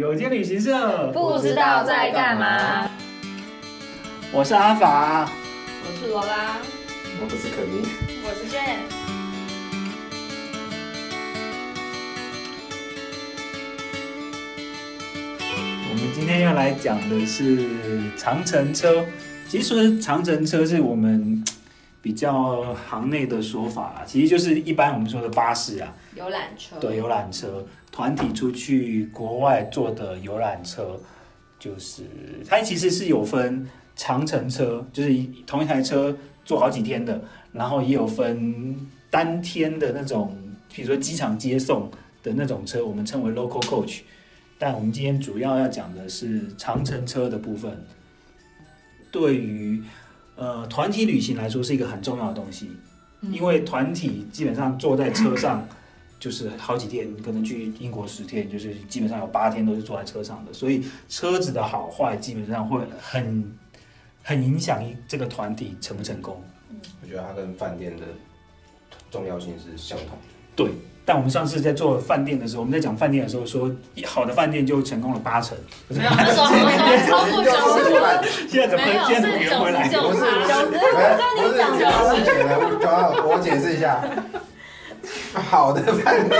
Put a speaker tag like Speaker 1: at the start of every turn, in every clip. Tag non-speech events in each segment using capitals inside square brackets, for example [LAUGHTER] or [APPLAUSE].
Speaker 1: 有間旅行社，不
Speaker 2: 知道在幹嘛。
Speaker 1: 幹嘛。我是阿法，
Speaker 2: 我是羅拉，我不是可妮，我是 Jane。
Speaker 1: 我們今天要來講的是長程車。其實長程車是我們。比較行內的說法啦，其實就是一般我們說的巴士啊，遊
Speaker 2: 覽車，對，遊覽
Speaker 1: 車，團體出去國外坐的遊覽車，就是它其實是有分長程車，就是同一台車坐好幾天的，然後也有分單天的那種，比如說機場接送的那種車，我們稱為 local coach。但我們今天主要要講的是長程車的部分，對於。呃，團體旅行來說是一個很重要的東西，因為團體基本上坐在車上就是好幾天，可能去英國十天，就是基本上有八天都是坐在車上的，所以車子的好壞基本上會很很影響這個團體成不成功。我覺得它跟飯店的重要性是相同的。對。像我們上次在做飯店的時候，我們在講飯店的時候，說好的飯店就成功了八成，沒有，現在怎麼現在怎麼圓回來？不是，不
Speaker 3: 是，不是，不是，我解釋一下，好的飯店，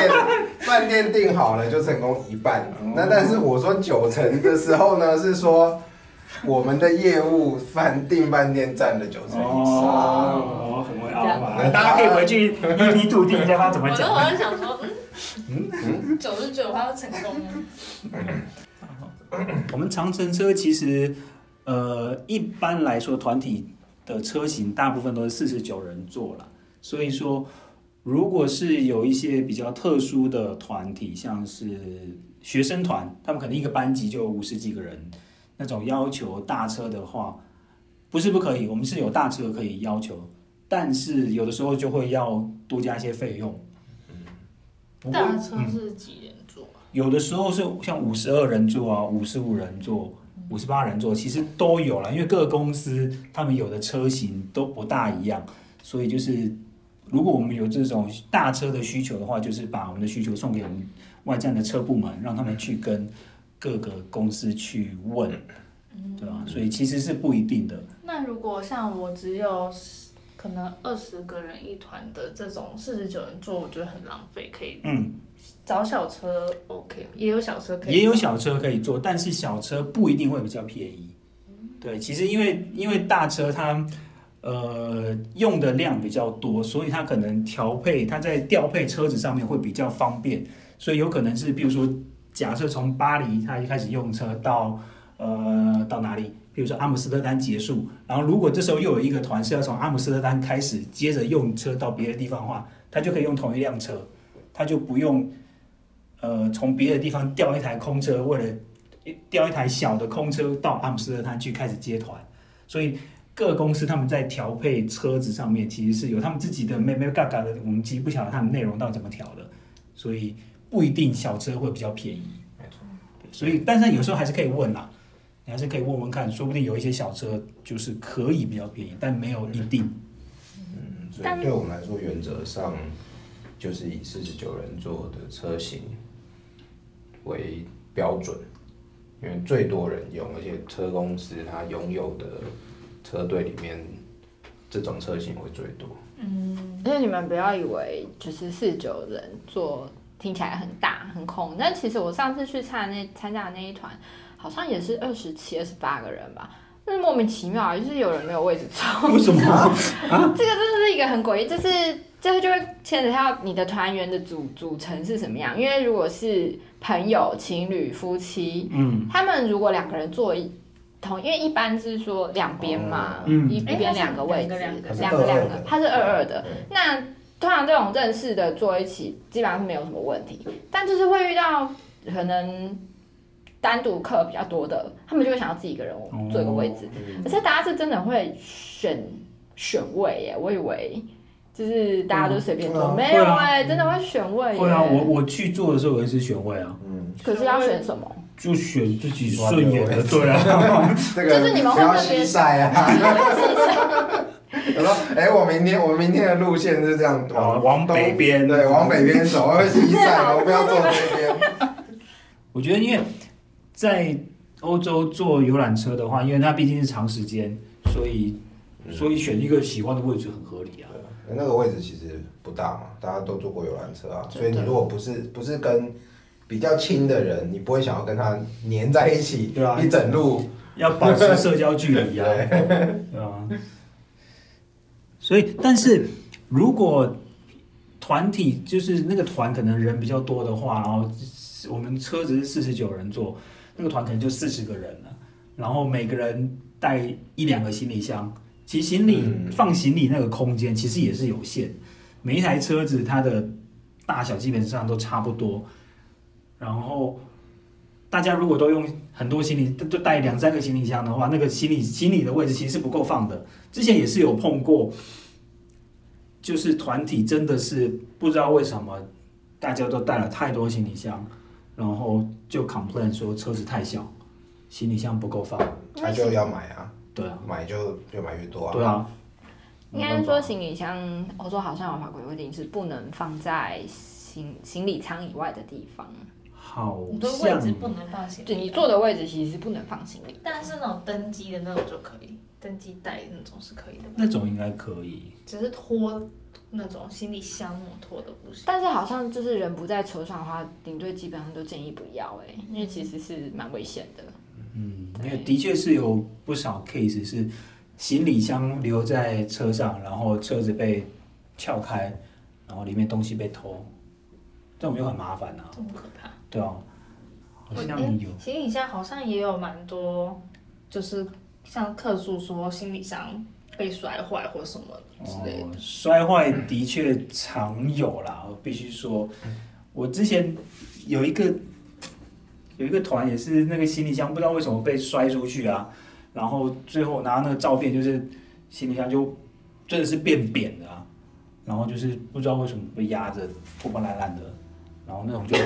Speaker 3: 飯店定好了就成功一半，那但是我說九成的時候呢，是說我們的業務飯訂飯店佔了九成以上。
Speaker 1: 大家
Speaker 4: 可以
Speaker 3: 回去一一土地一下，他怎麼
Speaker 1: 講。我就好像想說，嗯嗯，九十
Speaker 4: 九，他要成功
Speaker 1: 了。我們長程車其實，呃，一般來說團體的車型大部分都是四十九人坐了。所以說，如果是有一些比較特殊的團體，像是學生團，他們可能一個班級就五十幾個人，那種要求大車的話，不是不可以，我們是有大車可以要求。但是有的時候就會要多加一些費用。嗯，大車是幾人座啊，嗯？有的時候是像五十二人座啊，五十五人座，五十八人座，其實都有了。因為各個公司他們有的車型都不大一樣，所以就是如果我們有這種大車的需求的話，就是把我們的需求送給我們外站的車部門，讓他們去跟各個公司去問，對吧？所以其實是不一定的。那如
Speaker 4: 果像我只有。可能二十個人一團的這種四十九人坐，我覺得很浪費。可以，嗯，找小車、嗯、OK，也有小車可以。也有
Speaker 1: 小車可以坐，但是小車不一定會比較便宜。嗯、對，其實因為因為大車它呃用的量比較多，所以它可能調配它在調配車子上面會比較方便，所以有可能是，比如說假設從巴黎它一開始用車到呃到哪裡。比如說阿姆斯特丹結束，然後如果這時候又有一個團是要從阿姆斯特丹開始，接着用車到別的地方的話，他就可以用同一輛車，他就不用呃從別的地方調一台空車，為了調一台小的空車到阿姆斯特丹去開始接團。所以各公司他們在調配車子上面，其實是有他們自己的眉眉角角的，我們其實不曉得他們內容到怎麼調的，所以不一定小車會比較便宜。所以但是有時候還是可以問啦、啊。你還是可以問問看，說不定有一些小車就是可以比較便宜，但沒有一定。嗯，所以對我們來說，原則上
Speaker 3: 就是以四十九人座的車型為標準，因為最多人用，而且車公司它擁有的車隊裡面這種車型會最多。
Speaker 2: 嗯，因為你們不要以為就是四十九人座聽起來很大很空，但其實我上次去參那參加的那一團。好像也是二十七、二十八個人吧，那莫名其妙啊，就是有人沒有位置坐。為什麼？啊？ [LAUGHS] 這個真的是一個很詭異，是最後，就是這就會牽扯到你的團員的組組成是什麼樣。因為如果是朋友、情侶、夫妻，嗯，他們如果兩個人坐一同，因為一般是說兩邊嘛，嗯，一邊兩個位置，兩個兩個，它是二二的。那通常這種認識的坐一起，基本上是沒有什麼問題，但就是會遇到可能。單獨課比較多的，他們就會想要自己一個人坐一個位置。對對對。可是大家是真的會選選位耶，我以為就是大家都隨便坐，沒有哎，真的會選位。對啊，我
Speaker 1: 我去做的時候我也是選位啊。嗯。
Speaker 2: 可是要選什麼？
Speaker 1: 就選自己順眼的座啊。這個。
Speaker 3: 就是你們會西曬啊？哈哈哈哈哈哈。我說：哎，我明天我明天的路線是這樣，往往北邊，對，往北邊走，會西曬，我
Speaker 1: 不
Speaker 4: 要坐這邊。
Speaker 1: 我覺得因為。在歐洲坐遊覽車的話，因為它畢竟是長時間，所以所以選一個喜歡的位置很合理啊。對，那個位置
Speaker 3: 其實不大嘛，大家都坐過遊覽車啊。對對對，所以你如果不是不是跟比較親的人，嗯、你不會想要
Speaker 1: 跟他黏在一起，對吧、啊、一整路要，要保持社交距離啊， [LAUGHS] 對，對，對，對啊。所以，但是如果團體就是那個團可能人比較多的話，然後我們車子是四十九人坐。那個團可能就四十個人了，然後每個人帶一兩個行李箱，其實行李、嗯、放行李那個空間其實也是有限。每一台車子它的大小基本上都差不多，然後大家如果都用很多行李，都帶兩三個行李箱的話，那個行李行李的位置其實是不夠放的。之前也是有碰過，就是團體真的是不知道為什麼大家都帶了太多行李箱。然後就 complain 說車子太小，行李箱不夠放，嗯、他就要買啊，對啊，買就
Speaker 3: 越買越多啊，對啊。應該說
Speaker 2: 行李箱，歐洲好像有法規規定是不能放在行行李艙以外的地方，
Speaker 1: 好像你的位置
Speaker 2: 不
Speaker 4: 能放行李，對，你
Speaker 2: 坐的位置其實不能放行李，
Speaker 4: 但是那種登機的那種就可以，登機帶那種是可以的，那種應該可以，只是拖。那種行李箱，摩托的故事，
Speaker 2: 但是好像就是人不在車上的話，領隊基本上都建議不要誒、欸，因為其實是蠻危險的。
Speaker 1: 嗯，對因為的確是有不少 case 是行李箱留在車上，然後車子被撬開，然後裡面東西被偷，這種又很麻煩了、
Speaker 4: 啊、這麼可怕？
Speaker 1: 對哦、啊，好像有、欸、
Speaker 4: 行李箱，好像也有蠻多，就是像客訴說行李箱。被
Speaker 1: 摔壞或什麼之類的、哦，摔壞的確常有啦。嗯、我必須說，我之前有一個有一個團也是那個行李箱，不知道為什麼被摔出去啊。然後最後拿那個照片，就是行李箱就真的是變扁的啊，然後就是不知道為什麼被壓着破破爛爛的，然後那種就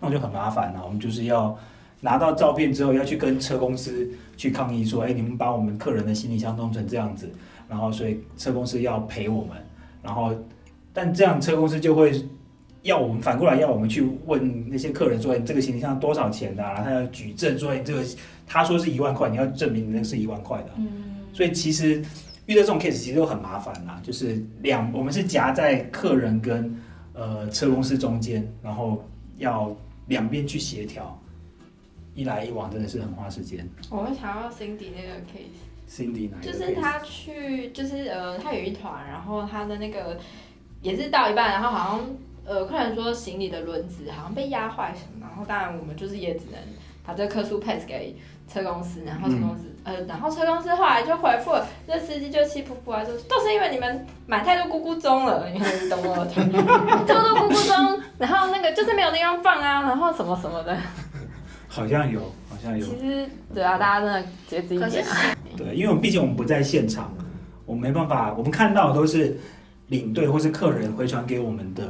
Speaker 1: 那種就很麻煩、啊，我們就是要。拿到照片之後，要去跟車公司去抗議，說：“哎、欸，你們把我們客人的行李箱弄成這樣子，然後所以車公司要賠我們。然後，但這樣車公司就會要我們反過來要我們去問那些客人說：欸、這個行李箱多少錢的、啊？然後他要舉證說、欸、這個他說是一萬塊，你要證明你那個是一萬塊的。嗯、所以其實遇到這種 case 其實都很麻煩啦，就是兩我們是夾在客人跟呃車公司中間，然後要兩邊去協調。一來一往真的是很花時間。
Speaker 2: 我會想到 Cindy 那個 case。Cindy
Speaker 1: 哪一個？就是他
Speaker 2: 去，就是呃，他有一團，然後他的那個也是到一半，然後好像呃，客人說行李的輪子好像被壓壞什麼，然後當然我們就是也只能把這個客訴 pass 給車公司，然後車公司、嗯、呃，然後車公司後來就回復，這司機就氣噗噗啊，說都是因為你們買太多咕咕鐘了，你們懂我聽？太 [LAUGHS] 多咕咕鐘，然後那個就是沒有地方放啊，然後什麼什麼的。
Speaker 1: 好像有，好像有。其
Speaker 4: 實，
Speaker 2: 對啊，大家真的節制一
Speaker 1: 點。對，因為我們畢竟我們不在現場，我們沒辦法，我們看到的都是領隊或是客人回傳給我們的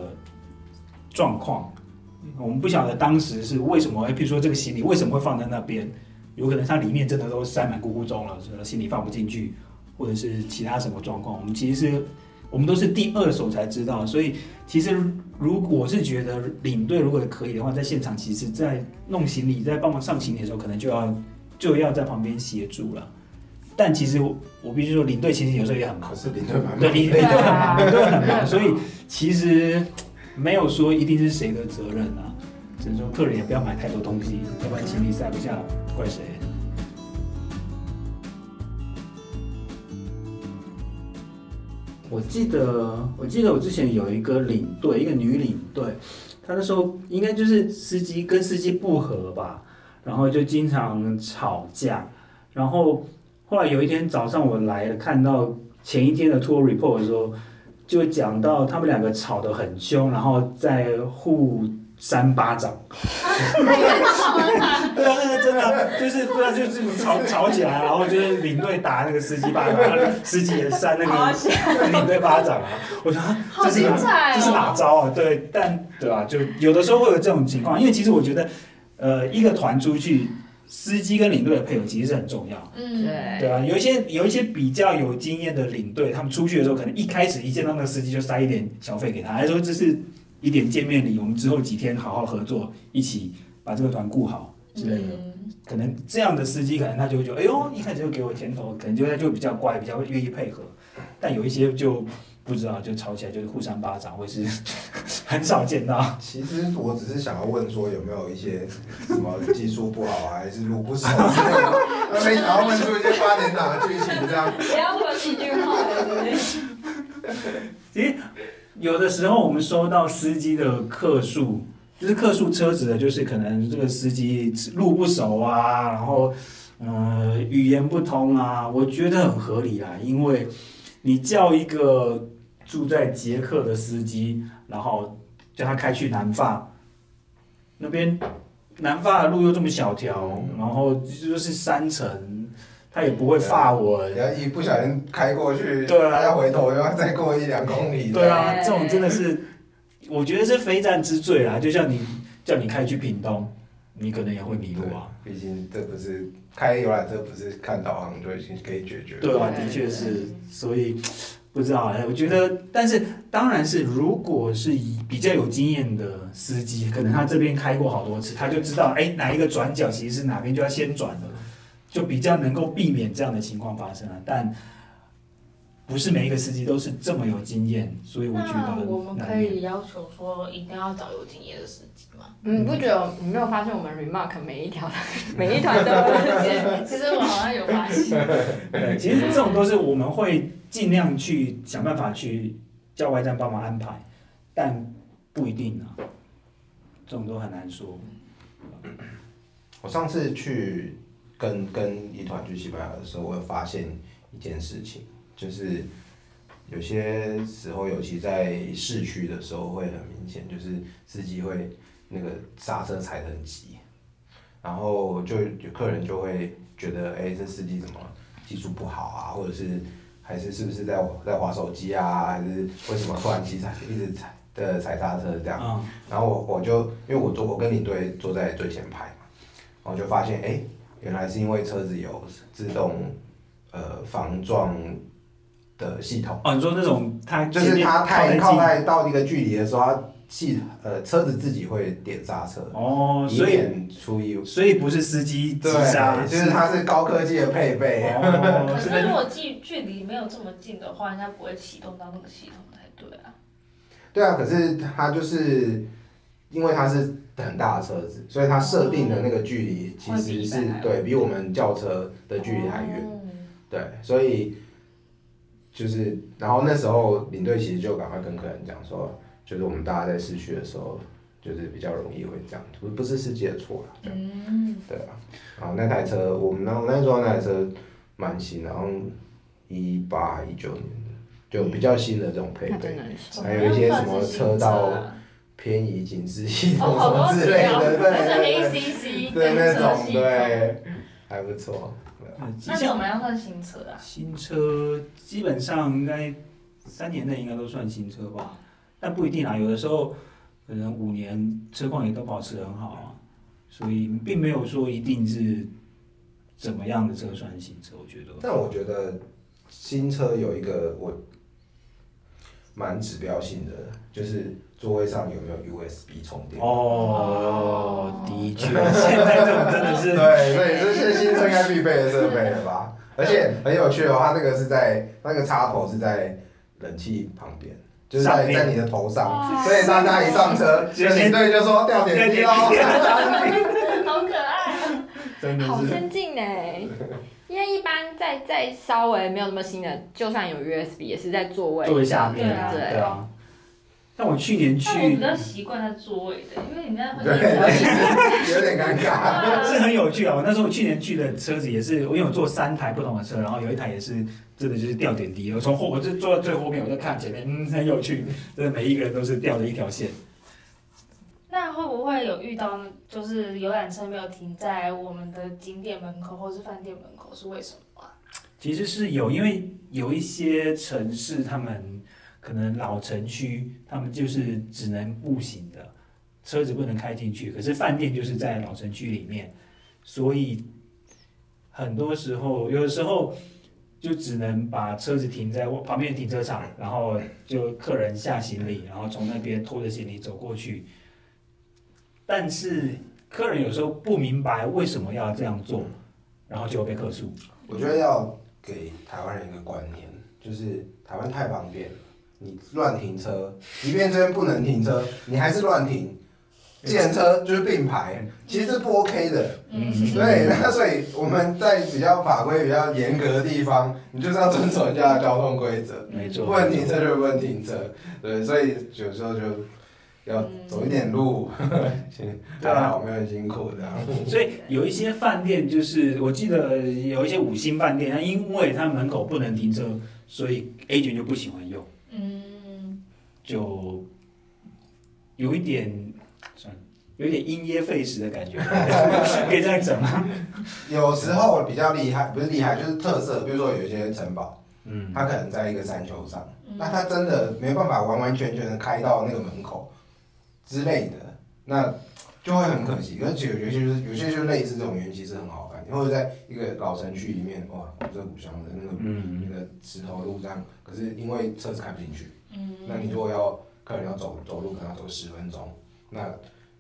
Speaker 1: 狀況，我們不曉得當時是為什麼。哎、欸，譬如說這個行李為什麼會放在那邊？有可能它裡面真的都塞滿咕咕鐘了，所以行李放不進去，或者是其他什麼狀況？我們其實是。我們都是第二手才知道，所以其實如果是覺得領隊如果可以的話，在現場其實，在弄行李、在幫忙上行李的時候，可能就要就要在旁邊協助了。但其實我必須說，領隊其實有時候也很忙，是領隊忙，對領隊 [LAUGHS] 很忙。所以其實沒有說一定是誰的責任啊，只能說客人也不要買太多東西，要不然行李塞不下，怪誰？我記得，我記得我之前有一個領隊，一個女領隊，她那時候應該就是司機跟司機不合吧，然後就經常吵架，然後後來有一天早上我來了，看到前一天的 tour report 的時候，就講到他們兩個吵得很兇，然後在互。扇巴掌， [LAUGHS] [LAUGHS] 對啊，那個真的就是，對啊，就是吵吵起來，然後就是領隊打那個司機巴掌，司機也扇、那個、 [LAUGHS] 那個領隊巴掌啊。我說，這是好精彩、哦、這是哪招啊？對，但對吧、啊？就有的時候會有這種情況，因為其實我覺得，呃，一個團出去，司機跟領隊的配合其實是很重要。嗯、
Speaker 4: 對，啊，吧？有
Speaker 1: 一些有一些比較有經驗的領隊，他們出去的時候，可能一開始一見到那個司機就塞一點小費給他，還、就是、說這是。一點見面禮，我們之後幾天好好合作，一起把這個團顧好之類的。嗯、可能這樣的司機，可能他就會覺得，哎呦，一開始就給我甜頭，可能就他就比較乖，比較願意配合。但有一些就不知道，就吵起來，就是互相巴掌，或是很少見到。 [LAUGHS] 其實我只是想要問說，有沒有一些什
Speaker 3: 麼技術不好還是路不熟？ [LAUGHS] 就有沒,有沒想要問出一些八點檔的劇情 [LAUGHS] 不這樣。聊
Speaker 4: 多幾句話而
Speaker 1: 已。有的時候我們收到司機的客訴，就是客訴車子的，就是可能這個司機路不熟啊，然後呃語言不通啊，我覺得很合理啦、啊。因為你叫一個住在捷克的司機，然後叫他開去南法那邊，南法的路又這麼小條，然後就是山城。他也不會發我，然後、嗯啊、一不小心開過去，對啊，他要回頭又要再過一兩公里。對啊，這種真的是，
Speaker 3: 哎哎我覺得是非戰之罪啦。就像你
Speaker 1: 叫你開去屏東，你可
Speaker 3: 能也會迷路啊。畢竟這不是開遊覽車，不是看導航就已經可以解決。對啊，的確是。
Speaker 1: 哎哎所以不知道哎、啊，我覺得，嗯、但是當然是，如果是以比較有經驗的司機，可能他這邊開過好多次，他就知道哎哪一個轉角其實是哪邊就要先轉的。就比較能夠避免這樣的情況發生啊，但不是每一個司機都是這麼有經驗，所以我覺得我們可以要求說一
Speaker 4: 定要找有經驗的司機嗎？嗯，嗯，不
Speaker 2: 覺得你沒有發現我們 remark 每一條、每一條都有經驗。其實我
Speaker 4: 好像有發
Speaker 1: 現。 [LAUGHS] 對，其實這種都是我們會儘量去想辦法去叫外站幫忙安排，但不一定啊，這種都很難說。
Speaker 3: 我上次去。跟跟一團去西班牙的時候，我會發現一件事情，就是有些時候，尤其在市區的時候會很明顯，就是司機會那個剎車踩得很急，然後就有客人就會覺得，哎、欸，這司機怎麼技術不好啊？或者是還是是不是在在滑手機啊？還是為什麼突然急剎，一直踩的踩剎車這樣？然後我我就因為我坐我跟領隊坐在最前排嘛，我就發現哎。欸原來是因為車子有自動呃防撞的系統哦，你說那種它、就是、就是它太靠在靠近到那個距離的時候，它系呃車子自己會點剎車哦，以免出意外，所以不是司機、嗯、對啊，是就是它是高科技的配備。哦、 [LAUGHS] 可是如果
Speaker 4: 距距離沒有這麼近的話，應該不會啟
Speaker 3: 動到那個系統才對啊。對啊，可是它就是。因為它是很大的車子，所以它設定的那個距離其實是、哦、對比我們轎車的距離還遠，哦、對，所以就是，然後那時候領隊其實就趕快跟客人講說，就是我們大家在市區的時候，就是比較容易會這樣，不不是司機的錯對、嗯對啊、然後那台車我們那那時候那台車蠻新，然後一八一九年的，就比較新的這種配備，嗯、還有一些什麼車道。偏移、警示系統、哦、什麼之類的，ACC。哦、對對，ACC，對對種對，
Speaker 1: 還不錯。那我們要算
Speaker 4: 新車啊？
Speaker 1: 新車基本上應該三年內應該都算新車吧，但不一定啊，有的時候可能五年車況也都保持很好，啊，所以並沒有說一定是怎麼樣的車算新車，我覺得。
Speaker 3: 但我覺得新車有一個我。蠻指標性的，就是座位上有沒有 USB 充電哦，的確，現在真的是對，所以這是新車應該必備的設備了吧？而且很有趣哦，它那個是在那個插頭是在冷氣旁邊，就是在在你的頭上，
Speaker 4: 所以大家一上車，行隊就說吊點滴嘍，好
Speaker 2: 可愛，
Speaker 4: 真的是好先
Speaker 2: 進哎。在在稍微沒有那麼新的，就算有 USB 也是在座位座位下面，
Speaker 1: 對啊。但、啊啊、我去年去，我比較
Speaker 4: 習慣在座位的，因為你們那會對對 [LAUGHS] 有點尷尬， [LAUGHS] 是很
Speaker 1: 有趣啊。我那時候我去年去的車子也是，因為我坐三台不同的車，然後有一台也是真的就是吊點滴。我從後，我就坐在最後面，我就看前面，嗯，很有趣。真的每一個人都是掉了一條線。
Speaker 4: 那會不會有遇到，就是遊覽車沒有停在我們的景點門口，或是飯店門口，是為什麼啊？
Speaker 1: 其實是有，因為有一些城市，他們可能老城區，他們就是只能步行的，車子不能開進去。可是飯店就是在老城區裡面，所以很多時候，有的時候就只能把車子停在旁邊停車場，然後就客人下行李，然後從那邊拖着行李走過去。但是客人有時候不明白為什麼要這樣做，然後就被客訴。我覺得要給台
Speaker 3: 灣人一個觀念，就是台灣太方便了，你亂停車，即便這邊不能停車，你還是亂停。計程車就是並排，其實是不 OK 的。
Speaker 4: 嗯，對。那
Speaker 3: 所以我們在比較法規比較嚴格的地方，你就是要遵守一下交通規則。沒錯錯。不能停車就是不能停車。錯對，所以有時候就。要走一點路，行，還好，沒有很辛苦的。啊、所以
Speaker 1: 有一些飯店，就是我記得有一些五星飯店，它因為它門口不能停車，所以 A 卷就不喜歡用，嗯，就有一點，有一點因噎廢食的感覺， [LAUGHS] [LAUGHS] 可以這樣講嗎？
Speaker 3: 有時候比較厲害，不是厲害，就是特色。比如說有一些城堡，嗯，它可能在一個山丘上，那它、嗯、真的沒辦法完完全全的開到那個門口。之類的，那就會很可惜。而且有些就是有些就類似這種園區是很好看，因為在一個老城區裡面，哇，這古色古香的，那個嗯嗯那個石頭路這樣。可是因為車子開不進去，嗯嗯，那你如果要客人要走走路，可能要走十分鐘，那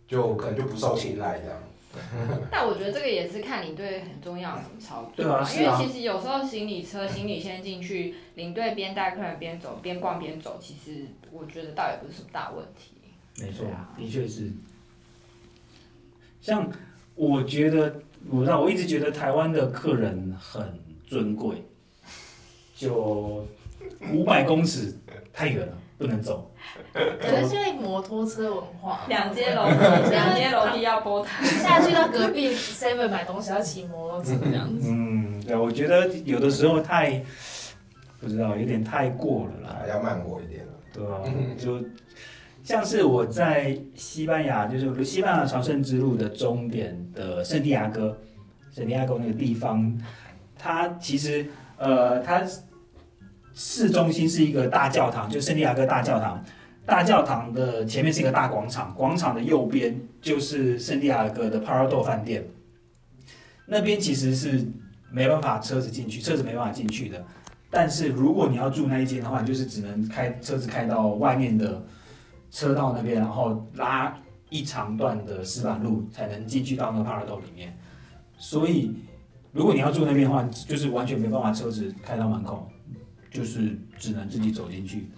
Speaker 3: 就可能就不受青睞這樣。我 [LAUGHS]
Speaker 2: 但我覺得這個也是看你對很重要的操作對啊，啊因為其實有時候行李車、行李先進去，嗯、領隊邊帶客人邊走邊逛邊走，其實我覺得倒也不是什麼大
Speaker 1: 問題。沒錯啊，的確是。像我覺得，我不知道，我一直覺得台灣的客人很尊貴，就五百公尺太遠了，不能走。可是因為
Speaker 4: 摩托車文化，兩階樓，兩階樓梯要波台， [LAUGHS] 下去到隔壁 Seven 買東西要騎摩托車這
Speaker 1: 樣子。嗯，對，我覺得有的時候太，不知道，有點太過了啦，還要慢活一點了，對啊，就。嗯像是我在西班牙，就是我們西班牙朝聖之路的終點的聖地亞哥，聖地亞哥那個地方，它其實呃，它市中心是一個大教堂，就聖地亞哥大教堂，大教堂的前面是一個大廣場，廣場的右邊就是聖地亞哥的 Parador 飯店，那邊其實是沒辦法車子進去，車子沒辦法進去的，但是如果你要住那一間的話，你就是只能開車子開到外面的。車到那邊，然後拉一長段的石板路才能進去到那帕爾多裡面。所以，如果你要住那邊的話，就是完全沒辦法車子開到門口，就是只能自己走進去。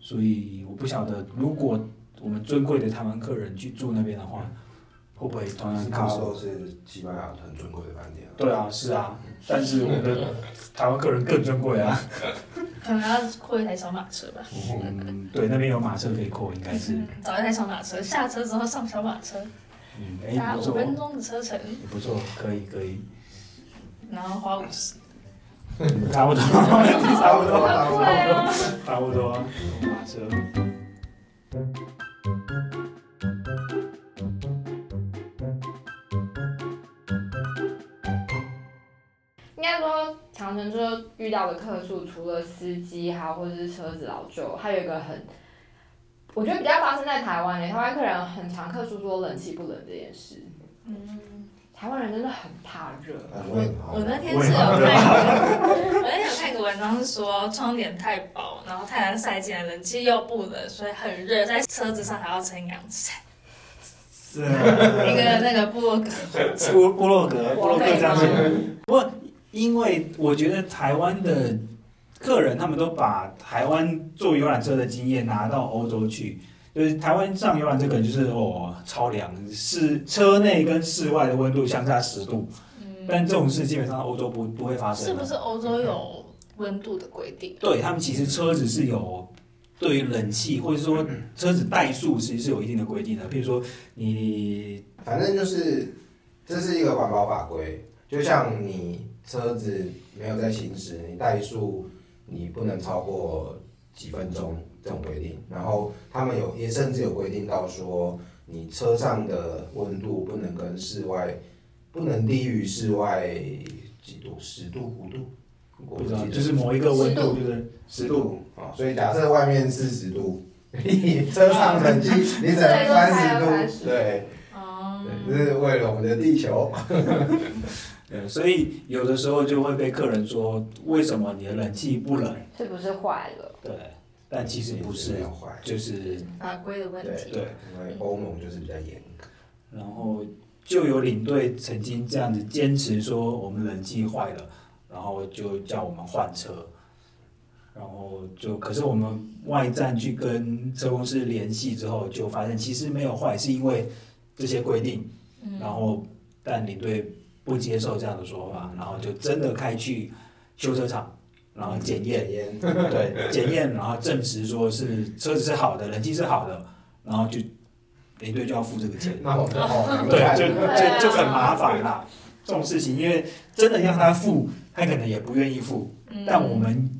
Speaker 1: 所以，我不曉得，如果我們尊貴的台灣客人去住那邊的話，嗯、會不會同樣靠？台灣客說是西班牙很尊貴的飯店。對啊，是啊，是啊，但是我們 [LAUGHS] 台灣客人更尊貴啊。 [LAUGHS] 可能要僱一台小馬車吧。嗯，對，那邊有馬車可以僱，應該是、嗯。
Speaker 4: 找一台小馬車，
Speaker 1: 下車之後上小馬車。嗯，哎、欸，不
Speaker 4: 五
Speaker 1: 分鐘的車程。不錯，可以，可以。然後花五十。嗯、差不多，差不多，差不多，差不多，差不多，差不多，馬車。
Speaker 2: 長城車遇到的客訴，除了司機，還有或者是車子老舊，還有一個很，我覺得比較發生在台灣的，台灣客人很常客訴說冷氣不冷這件事。
Speaker 4: 嗯、
Speaker 2: 台灣人真的很怕
Speaker 4: 熱。我那天是有看一個，我在看一個文章是說窗簾太薄，然後太陽曬進來，冷氣又不冷，所以很熱，在車子上還要撐陽傘。是，
Speaker 1: [LAUGHS] 一個那個布
Speaker 4: 布
Speaker 1: 布洛格布洛 [LAUGHS] 格將軍。因為我覺得台灣的客人他們都把台灣坐遊覽車的經驗拿到歐洲去，就是台灣上遊覽車可能就是哦超涼，是車內跟室外的溫度相差十度，但這種事基本上歐洲不不會發生。是不是歐
Speaker 4: 洲有溫度的規定？嗯，對，他
Speaker 1: 們其實車子是有對於冷氣或者說車子怠速其實是有一定的規定的，比如說你反正就是這
Speaker 3: 是一個環保法規，就像你。車子沒有在行駛，你怠速你不能超過幾分鐘這種規定。然後他們有也甚至有規定到說，你車上的溫度不能跟室外不能低於室外幾度，十度、五度，不知道就是某一個溫度，就是十度啊。所以假設外面四十度，你車上冷氣你只能三十度，
Speaker 1: 對，哦，就是為了我們的地球。對，所以有的時候就會被客人說：“為什麼你的冷氣不冷？是
Speaker 2: 不是壞了？”
Speaker 1: 對，但其實不是，就是、嗯、法
Speaker 4: 規的問題。對，
Speaker 1: 對，因為歐盟就是比較嚴格。嗯、然後就有領隊曾經這樣子堅持說：“我們的冷氣壞了。”然後就叫我們換車。然後就可是我們外站去跟車公司聯繫之後，就發現其實沒有壞，是因為這些規定。然後但領隊。不接受這樣的說法，然後就真的開去修車廠，然後檢驗，嗯、對，檢驗，然後證實說是車子是好的，冷氣是好的，然後就領隊、哎、就要付這個錢，那我們對，就就就很麻煩啦對這種事情，因為真的讓他付，他可能也不願意付。嗯、但我們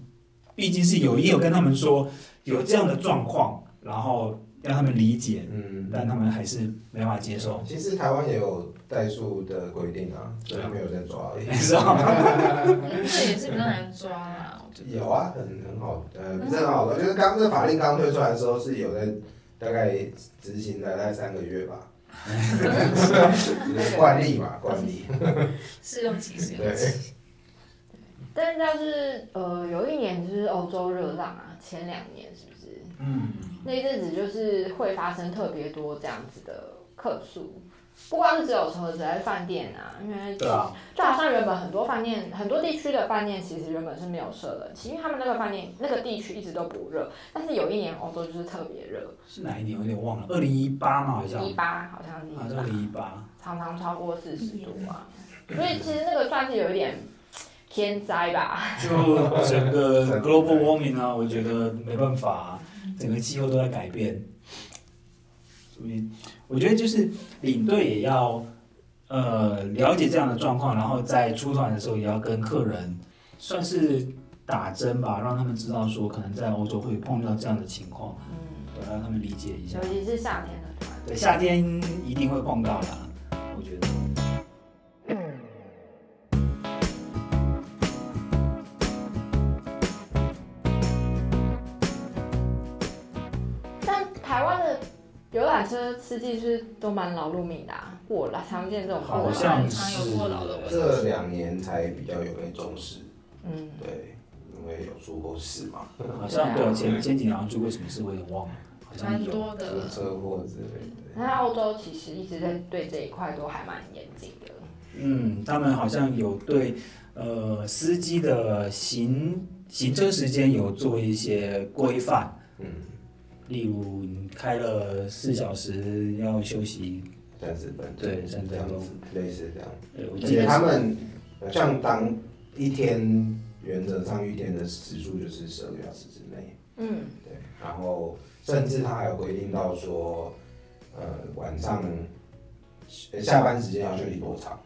Speaker 1: 畢竟是有、也有跟他們說有這樣的狀況，然後。讓他們理解，嗯，但他們還是沒辦法接受。其
Speaker 3: 實台灣也有
Speaker 1: 代數的
Speaker 3: 規定啊，所以他們有在抓，你知道嗎？那 [LAUGHS] [LAUGHS] 這也是比較難抓啊，我覺得。有啊，很很好，呃，不是很好，就是剛剛這法令剛推出來的時候，是有人大概執行了大概三個月吧。慣 [LAUGHS] [LAUGHS] [LAUGHS] 例嘛，慣例。試 [LAUGHS] 用期試
Speaker 2: 用期對，對。但是要是呃，有一年就是歐洲熱浪啊，前兩年是不是？嗯。那陣子就是會發生特別多這樣子的客訴，不光是只有車子，在飯店啊，因為就對、啊、就好像原本很多飯店，很多地區的飯店其實原本是沒有設的，因為他們那個飯店那個地區一直都不熱，但是有一年歐洲就是特別熱。是哪一
Speaker 1: 年？我有點忘了，二零一八嘛，好像一八
Speaker 2: 好像 2018, 啊，二零一八，常常超過四十度啊， [LAUGHS] 所以其實那個算是有一點天災吧，就
Speaker 1: 整個 global warming 啊，我覺得沒辦法、啊。整個氣候都在改變，所以我覺得就是領隊也要呃了解這樣的狀況，然後在出團的時候也要跟客人算是打針吧，讓他們知道說可能在歐洲會碰到這樣的情況，嗯，讓他們理解一下。尤其是夏天的團，對，夏天一定會碰到的。
Speaker 2: 打車司機是都蠻勞碌命的，啊，我啦常見這種，好像是，
Speaker 3: 這兩年才比較有被重視，嗯，對，因為有出過事嘛，好像對、啊、對前前幾年好像出過什麼事，我有點忘了，蠻
Speaker 4: 多
Speaker 2: 的車禍之類的。那歐洲其實一直在對這一塊都還蠻嚴謹
Speaker 1: 的，嗯，他們好像有對呃司機的行行車時間有做一些規範，嗯。例如你開了四小時要休息三十分對，對三十分鐘，類似這樣。呃、我記得而且他們
Speaker 3: 像當一天原則上一天的時數就是十二個小時之內。嗯，對。然後甚至他還有規定到說，呃，晚上下班時間要休息多長，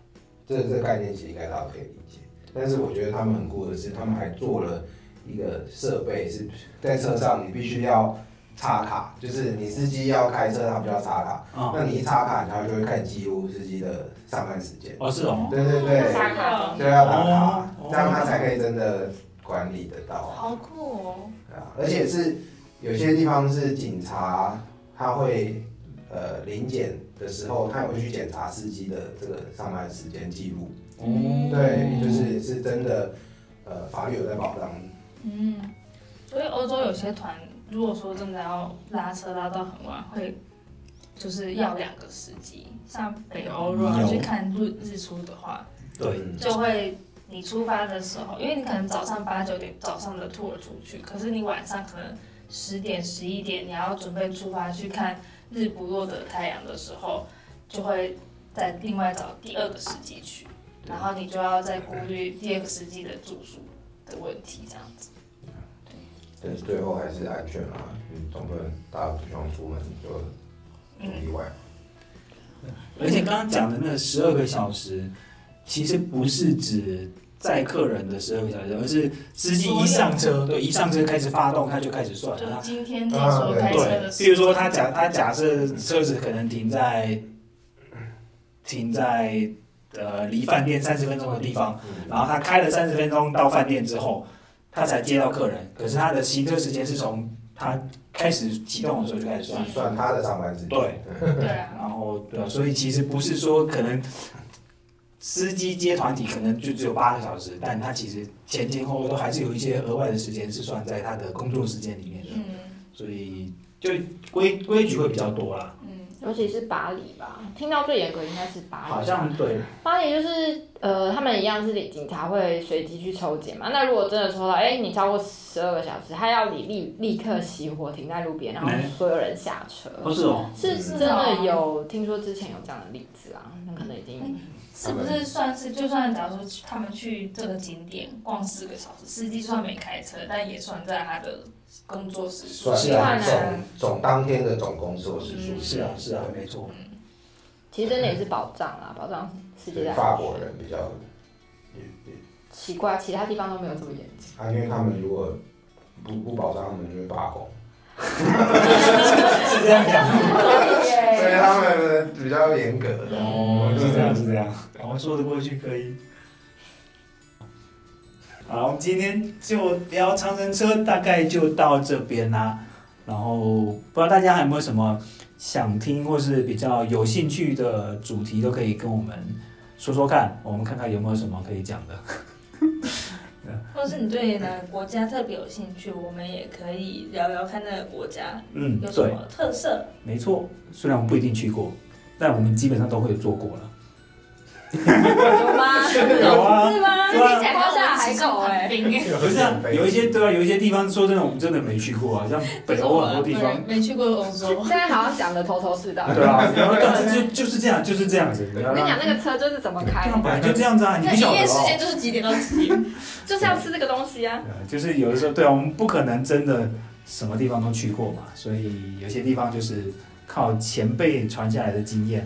Speaker 3: 這個、這個概念其實應該大家可以理解。但是我覺得他們很過的是，他們還做了一個設備是在車上，你必須要。插卡，就是你司機要開車，他們就要插卡。哦、那你一插卡，然後就會看幾乎司機的上班時間。哦，是哦。對對對。插卡。對，就要打卡。哦、這樣他才可以真的管理得到。好酷哦、
Speaker 4: 對啊。而且是
Speaker 3: 有些地方是警察，他會呃臨檢的時候，他也會去檢查司機的這個上班時間記錄。哦、嗯。對，就是是真的，呃，法律有在保障。嗯，所以歐
Speaker 4: 洲有些團。如果說真的要拉車拉到很晚，會就是要兩個司機。像北歐如果去看日日出的話，嗯、
Speaker 3: 對，就
Speaker 4: 會你出發的時候，因為你可能早上八九點早上的吐爾出去，可是你晚上可能十點十一點你要準備出發去看日不落的太陽的時候，就會再另外找第二個司機去，對然後你就要再顧慮第二個司機的住宿的問題，這樣子。
Speaker 3: 但是最後還是安全啦、啊，嗯，
Speaker 1: 總不能大家不
Speaker 4: 想出門就有意
Speaker 1: 外。嗯、對而且剛剛講的那十二個小時，其實不是指載客人的十二個小時，而是司機一上車，對，一上車開始發動，他就開始算了。他今天那所開車的時對對比如說他假他假設車子可能停在，嗯，停在呃離飯店三十分鐘的地方，然後他開了三十分鐘到飯店之後，他才接到客人，可是他的行車時間是從他開始啟動的時候就開始算，算他的上班時間。對對 [LAUGHS] 對。然後對，所以其實不是說可能司機接團體可能就只有八個小時，但他其實前前後後都還是有一些額外的時間是算在他的工作時間裡面的。嗯，所以就規規矩會比較多了。
Speaker 2: 尤其是巴黎吧，聽到最嚴格應該是巴黎。好像對。巴黎就是，呃，他們一樣是警察會隨機去抽檢嘛。那如果真的抽到，哎、欸，你超過十二個小時，他要你立立刻熄火，停在路邊，嗯、然後所有人下車。不、哦、是哦，是是真的有聽說之前有這樣的例子啊，那可能已經、欸、是不是算是就算假如說他們去這個景點逛四個
Speaker 4: 小時，司機算沒開車，但也算在他的。工作時數算是總
Speaker 3: 總當天的總工作時數，是啊是啊，沒錯。
Speaker 2: 其實真的也是保障啦，保障是這樣。法國
Speaker 3: 人比較也也
Speaker 2: 奇怪，其他地方都沒有這麼嚴
Speaker 3: 謹。啊，因為他們如果不不保障，他們就會罷工。是這樣講，所以他們比較嚴格
Speaker 1: 的。哦，是這樣，是這樣，還說得過去，可以。好，我們今天就聊長城車，大概就到這邊啦、啊。然後不知道大家還有沒有什麼想聽，或是比較有興趣的主題，都可以跟我們說說看。我們看看有沒有什麼可以講的。 [LAUGHS] 或
Speaker 4: 是你對哪個國家特別有興趣，我們也可以聊聊看那個國家，嗯，有什麼
Speaker 1: 特色？嗯、沒錯，雖然我們不一定去過，但我們基本上都會有坐過了。有嗎？有啊？起、欸、啊，花像海口
Speaker 4: 哎，不是有一
Speaker 1: 些對啊，有一些地方說真的，我們真的沒去過啊，像北歐很多地方我沒去過，都說
Speaker 4: 我現
Speaker 2: 在好像講的頭頭
Speaker 1: 是道。對 [LAUGHS] 啊，對就是、就是這樣，就是這樣子。我跟，啊、你講，那個
Speaker 2: 車就是怎麼開、欸，本來就這樣子啊。你營業時間就是幾點到幾點？ [LAUGHS] 就是要吃這個東西啊，
Speaker 1: 啊。就是有的時候，對啊，我們不可能真的什麼地方都去過嘛，所以有些地方就是靠前輩傳下來的經驗。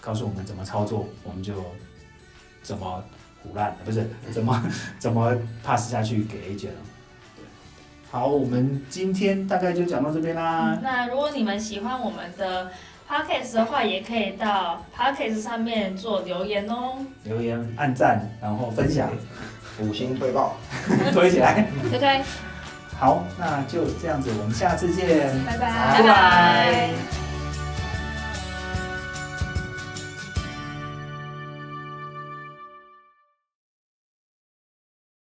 Speaker 1: 告訴我們怎麼操作，我們就怎麼胡亂，不是怎麼怎麼 pass 下去給 A t 好，我們今天大概就講到這邊啦。嗯、
Speaker 4: 那如果你們喜歡我們的 p a c k a g t 的話，也可以到 p a c k a g t 上面做留言
Speaker 1: 哦。留言、按讚，然後分享，五星推報， [LAUGHS] 推起來，推推。好，那就這樣子，我們下次見。拜拜 bye，拜拜。